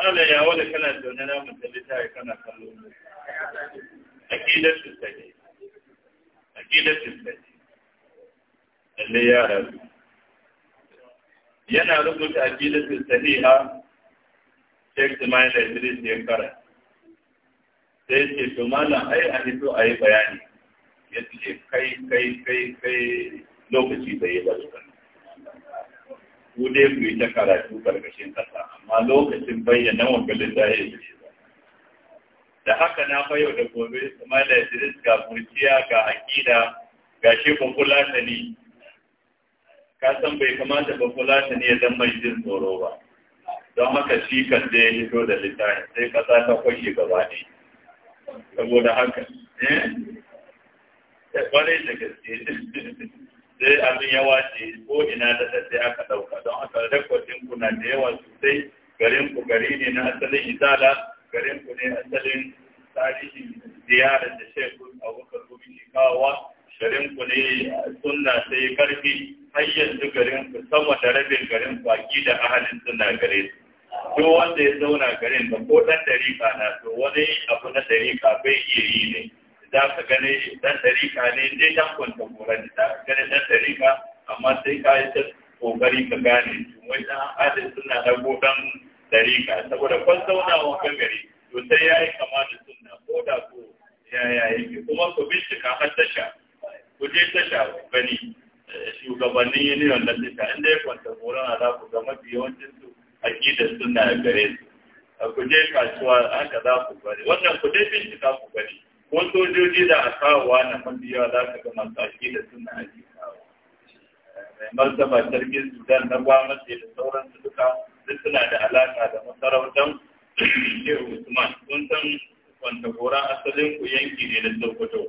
أنا يا أولي كلا دوننا من الدساتي كنا خلونا أكيد السلسلة أكيد السلسلة اللي يا رب yana rubuta aqidatul sahiha Sheikh Ismail Idris ya kara sai ce to ai a hito a yi bayani ya ce kai kai kai kai lokaci bai yi ba ku dai ku yi ta karatu karkashin kasa amma lokacin bayyana wakilin da ya yi da haka na bayo da gobe malam Idris ga murciya ga akida ga shi kula ni ka san bai kamata ba kula ta ne dan mai jin tsoro ba don haka shi kan da ya hito da littafin sai kasa ta kwashe gaba ne saboda haka eh kware da gaske sai abin yawa ce ko ina da ta sai aka ɗauka don aka rakwatin kuna da yawa sosai garin ku gari ne na asalin isala garin ku ne asalin tarihin ziyarar da shekul abubakar rubin kawawa garin ku ne sunna sai karfi har yanzu garin ku sama da rabin garin ku da ahalin suna gare su duk wanda ya zauna garin da ko dan dariƙa na to wani abu na dariƙa bai iya yi ne za ka gane dan dariƙa ne dai dan kwanta kora ne za ka gane dan dariƙa amma sai ka yi ta kokari ka gane wai dan adin suna dago dan dariƙa saboda kwan zaunawa kan gari to sai ya yi kama da sunna ko da ko yaya kuma ku bincika har tasha ku je tasha ku gani shugabannin union na tasha inda ya kwanta goron za ku ga mafi yawancin su akidar suna gare su ku je kasuwa haka za ku gani wannan ku je bincika ku gani ko sojoji da a kawowa na mafi yawa za ka ga masu akidar suna ake kawo mai martaba Sarki, sudan na gwamnati da sauran su duka duk suna da alaka da masarautan shehu usman sun san kwanta goron asalin ku yanki ne da sokoto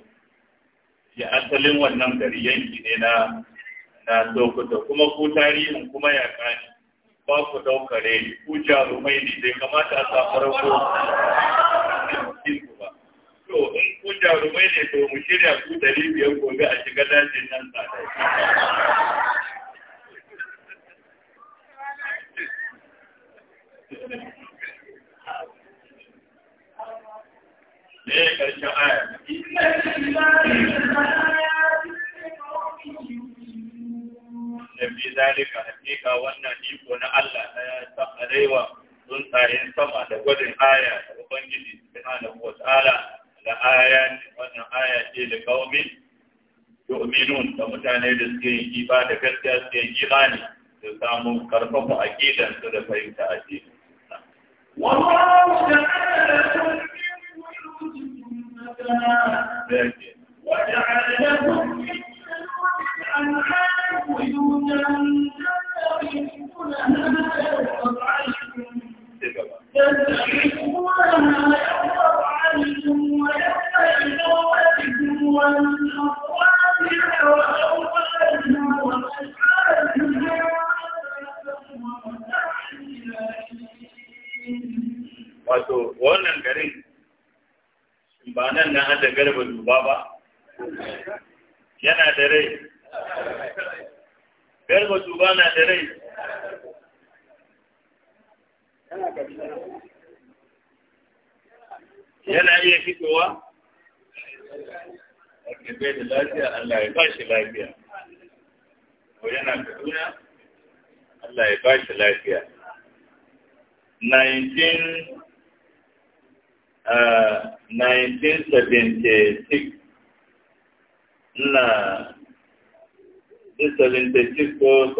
ya asalin wannan gari yanki ne na na Sokoto kuma ku tarihin kuma ya kani ba ku daukare ku jarumai ne bai kamata a sa farko ba to in ku jarumai ne to mu shirya ku dari biyar gobe a shiga dajin nan tsada. Thank you. me ya karshen aya da zalika hakika wannan iko na Allah na ya sa'arewa sun sama da gwadin aya da ubangiji da aya aya ce da kaumin yu'minun da mutane da suke yin kiba da gaskiya suke yin imani karfafa aqidan su da back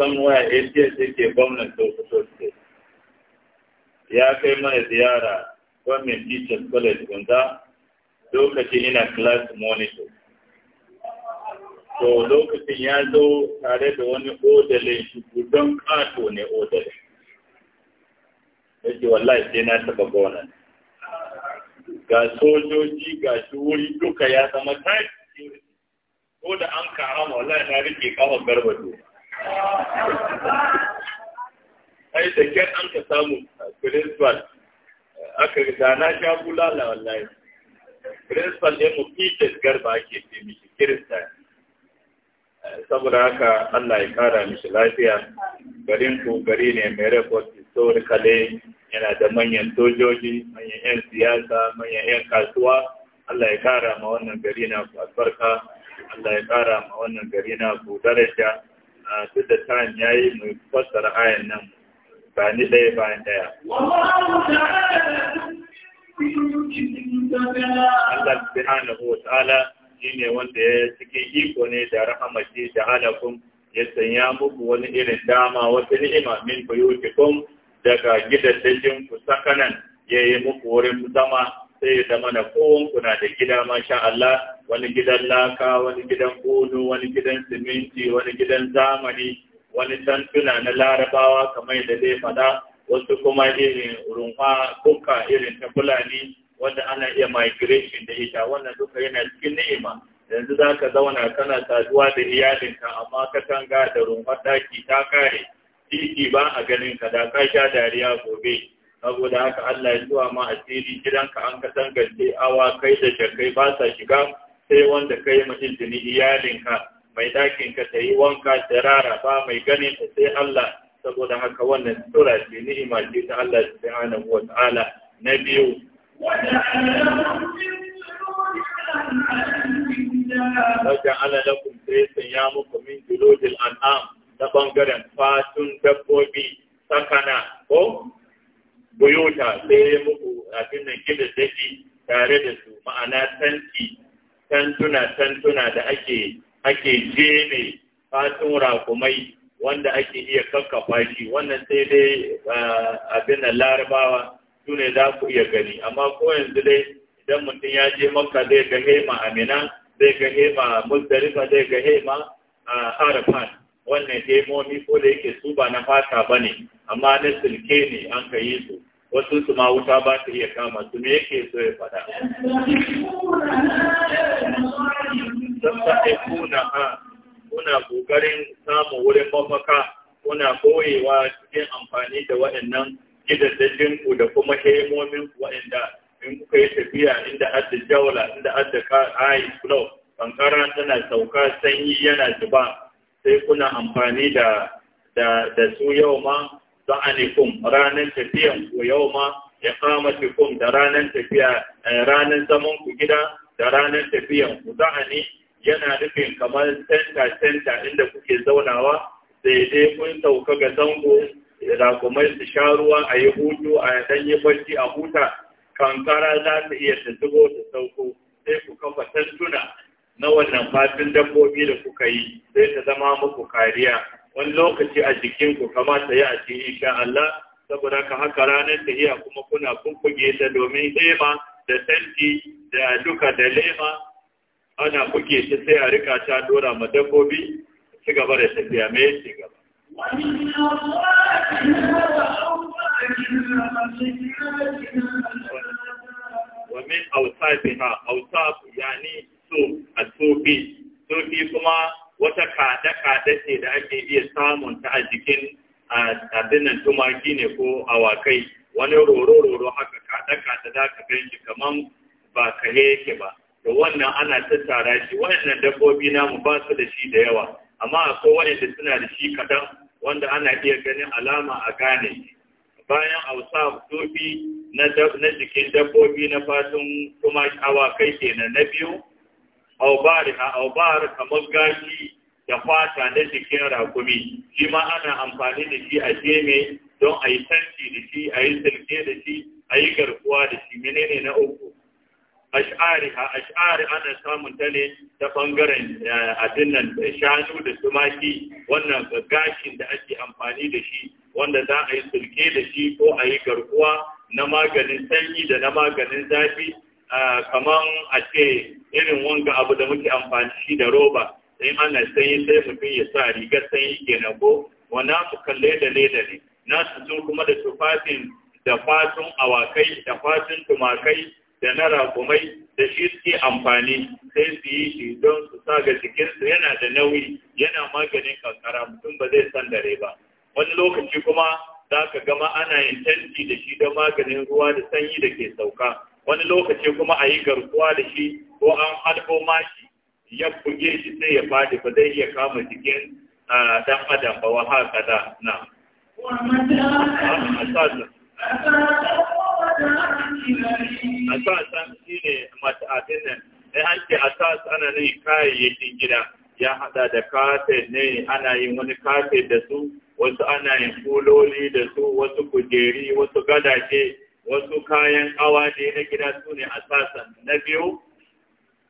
waya somewhere ATS ke gwamnan Sokoto State. Ya kai mana ziyara Gwamnan Teachers College Gunza lokaci ina class monitor. To lokacin ya zo tare da wani odalin shugudan kato ne odalin. Yake wallahi sai na taɓa gonan. Ga sojoji ga shi wuri duka ya zama tashi ko da an karama wallahi na rike kawar garba doka. ai da kyan an ka samu principal aka da na sha kula da wallahi principal ne mu fites garba ake ce mishi kirista saboda haka Allah ya kara mishi lafiya garin ku gari ne mai rekod historically yana da manyan sojoji manyan 'yan siyasa manyan 'yan kasuwa Allah ya kara ma wannan gari na ku albarka Allah ya kara ma wannan gari na ku daraja duk da taran ya yi mai fassara ayan nan ba ni ɗaya bayan ɗaya. Allah subhanahu wa ta'ala shine wanda ya cikin iko ne da rahamashi da halakun ya sanya muku wani irin dama wata ni'ima min daga gidan ku sakanan ya yi muku wurin zama sai ya zama na kuna da gida masha Allah wani gidan laka wani gidan kunu wani gidan siminti wani gidan zamani wani tantuna na larabawa kamar da zai fada wasu kuma irin rumfa kuka irin ta fulani wanda ana iya migration da ita wannan duka yana cikin ni'ima yanzu za ka zauna kana saduwa da iyalinka amma katanga da rumfar daki ta kare titi ba a ganin ka da ka sha dariya gobe saboda haka Allah ya zuwa ma asiri gidanka an san gaske awa kai da jakai ba sa shiga sai wanda ka yi izini iyalinka mai ɗakinka ta yi wanka ta rara ba mai ganin ka sai Allah saboda haka wannan sura ce ni'ima ce ta Allah subhanahu wa ta'ala na biyu Wajen ala lakum sai ya muku min julodil an'am ta bangaren fatun dabbobi sakana ko Toyota sai muku abin nan gidaddaki tare da su ma'ana tanti tantuna tantuna da ake ake jene fatin rakumai wanda ake iya kakkafa shi wannan sai dai abin nan larabawa su ne za ku iya gani amma ko yanzu dai idan mutum ya je makka zai ga hema amina zai ga hema muzdalifa zai ga hema arafat wannan hemomi ko da yake su ba na fata ba ne amma na silke ne an ka yi su wasu su ma wuta ba su iya kama su me yake so ya faɗa sassa kuna ha kuna kokarin samun wurin mafaka kuna koyewa cikin amfani da waɗannan gidajen ku da kuma hemomin waɗanda in kuka yi tafiya inda adda jawla inda adda ayi kulau kankara tana sauka sanyi yana zuba sai kuna amfani da da da su yau ma sa’anikun ranar tafiyan ko yau ma ya kamatikum da ranar tafiya eh, ranar zaman ku gida da ranar tafiyan ku za'ani yana nufin kamar senta senta inda kuke zaunawa sai dai kun sauka ga zango da kuma su sha ruwa a yi hutu a ɗan yi barci a huta kankara za ta iya ta zubo ta sauko sai ku kafa tantuna na wannan fatin dabbobi da kuka yi sai ta zama muku kariya wani lokaci a jikinku kamata ya ce insha Allah saboda ka haka ranar iya kuma kuna kunkuge ta domin hema da tanti da duka da lema ana kuke shi sai a rika ta dora ma dabbobi ci gaba da tafiya me ya ci gaba ومن ya ni so a السوء سوء kuma wata kada-kada ce da ake iya samun ta a jikin abinan tumaki ne ko awakai wani roro-roro haka kaɗe-kaɗe da ka gan shi kaman ba ka yake ba da wannan ana tattara shi wannan dabbobi namu ba su da shi da yawa amma akwai wanda suna da shi kadan wanda ana iya ganin alama a gane bayan hausa tofi na jikin dabbobi na fatun kuma awakai kenan na biyu au au bar kamar gashi da fata na jikin rakumi shi ma ana amfani da shi a jeme don a yi tanti da shi a yi silke da shi a yi garkuwa da shi menene na uku a ash'ari ana samun ta ne ta bangaren eh, abin nan shanu da tumaki wannan gashin da ake amfani da shi wanda za a yi sirke da shi ko a yi garkuwa na maganin sanyi da na maganin zafi kaman a ce irin wanga abu da muke amfani shi da roba sai ana sanyi sai mutum ya sa rigar sanyi kenan ko wana su kalle da leda ne na su sun kuma da tufafin da fatun awakai da fatun tumakai da na rakumai da shi suke amfani sai su yi shi don su sa ga jikinsu yana da nauyi yana maganin kankara mutum ba zai san dare ba wani lokaci kuma za ka gama ana yin tanti da shi don maganin ruwa da sanyi da ke sauka wani lokaci kuma a yi garkuwa da shi ko an halbo mashi ya buge shi sai ya faɗi ba zai iya kama jikin dan adam ba wa haka da na asasan shi ne mata'afin nan ɗan hanki asas ana ne kayayyakin gida ya haɗa da kafet ne ana yin wani kafet da su wasu ana yin kuloli da su wasu kujeri wasu gadaje. wasu kayan awa da na gida su ne asasan na biyu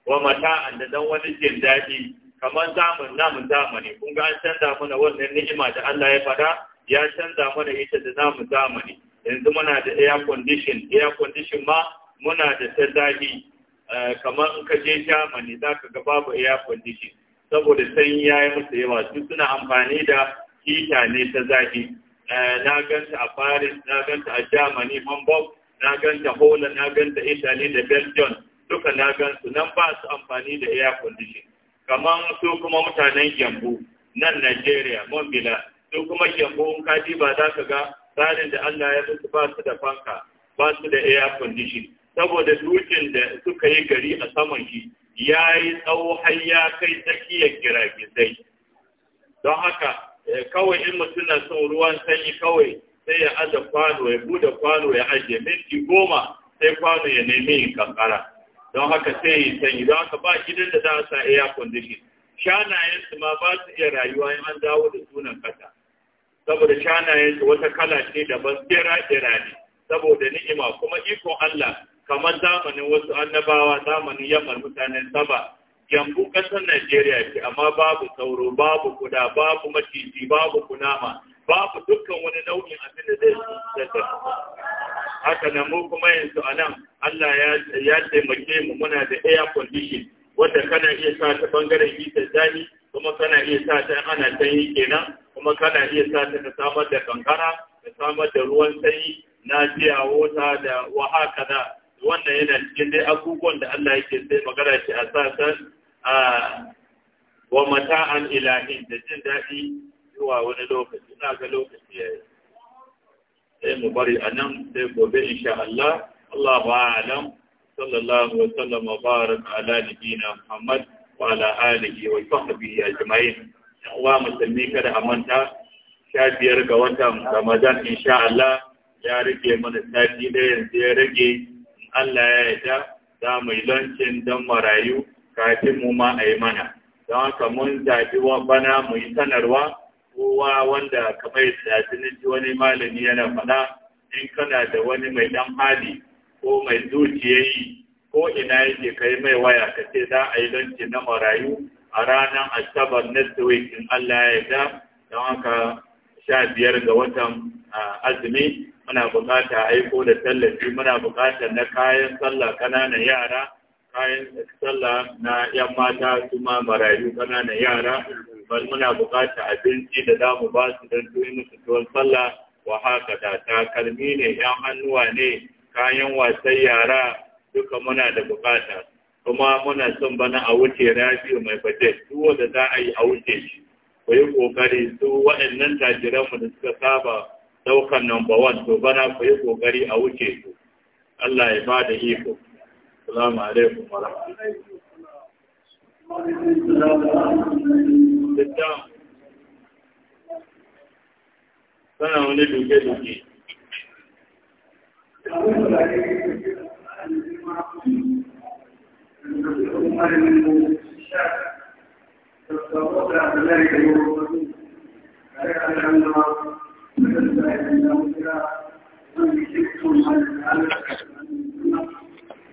wa mata'an da dan wani jin daɗi kamar zamun namun zamani kun ga an canza mana wannan ni'ima da Allah ya fada ya canza mana ita da namun zamani yanzu muna da air condition air condition ma muna da ta zafi eh, kamar in ka je zamani za ka ga babu air condition saboda sanyi ya yi musu yawa su suna amfani da hita ne ta zafi Eh, na ganta a Paris, na ganta a Germany, Hamburg, na ganta Holland, na ganta Italy da Belgium, duka na gansu nan ba su amfani da air condition. Kaman su kuma mutanen Gyambu, nan Nigeria, Mambila, su kuma Gyambu in kaji ba za ka ga tsarin da Allah ya musu ba su da fanka, ba su da air condition. Saboda dukin da suka yi gari a saman shi, ya yi tsawo har ya kai tsakiyar giragizai. Don haka, Eh, kawai in mutum na son ruwan sanyi kawai sai ya aje kwano ya bude kwano ya aje minti goma sai kwano ya nemi kankara don haka sai yi sanyi don haka ba gidan da za a sa air condition shanayen su ma ba su iya rayuwa in an dawo da sunan kasa saboda shanayen wata kala ce da ban tsira tsira ne saboda ni'ima kuma ikon Allah kamar zamanin wasu annabawa zamanin yamar mutanen saba Yambu kasar Najeriya ce, amma babu sauro, babu kuda, babu maciji, babu kunama, babu dukkan wani nau'in abin da zai cutar. Haka na mu kuma yanzu a nan, Allah ya taimake mu muna da air condition, wanda kana iya sa ta bangaren hitar zani, kuma kana iya sa ta ana sanyi kenan, kuma kana iya sa ta ta samar da kankara, ta samar da ruwan sanyi, na jiya wata da wahaka da wannan yana cikin dai abubuwan da Allah yake sai magana shi a sa wa mata'an ilahin da jin daɗi zuwa wani lokaci na ga lokaci ya yi sai mu bari a nan sai gobe insha Allah Allah ba alam sallallahu wa sallam wa barak ala nabiyina Muhammad wa ala alihi wa sahbihi ajma'in yan uwa musulmi kada a manta sha biyar ga watan Ramadan insha Allah ya rage mana sati ɗaya yanzu ya rage Allah ya yarda za mu yi lancin don marayu kafin mu ma a yi mana don haka mun zaɓi bana mu yi sanarwa kowa wanda kamar yadda ji wani malami yana faɗa in kana da wani mai ɗan hali ko mai zuciyayi ko ina yake kai mai waya ka ce za a yi lanci na marayu a ranar asabar next week in Allah ya yarda don haka sha biyar ga watan azumi muna bukata aiko da tallafi muna bukatar na kayan sallah kananan yara kayan sallah na ‘yan mata kuma marayu ƙananan yara, bal muna buƙatar abinci da za mu ba su don tuyi musu tuwon sallah wa haka da takalmi ne ‘yan hannuwa ne kayan wasan yara duka muna da bukata Kuma muna son bana a wuce rafi mai baje. tuwo da za a yi a wuce shi. Ku yi kokari su waɗannan tajiranmu da suka saba ɗaukar number one to bana ku yi ƙoƙari a wuce su. Allah ya ba da iko. السلام عليكم ورحمة الله Sana wani duke-duke. Thank you.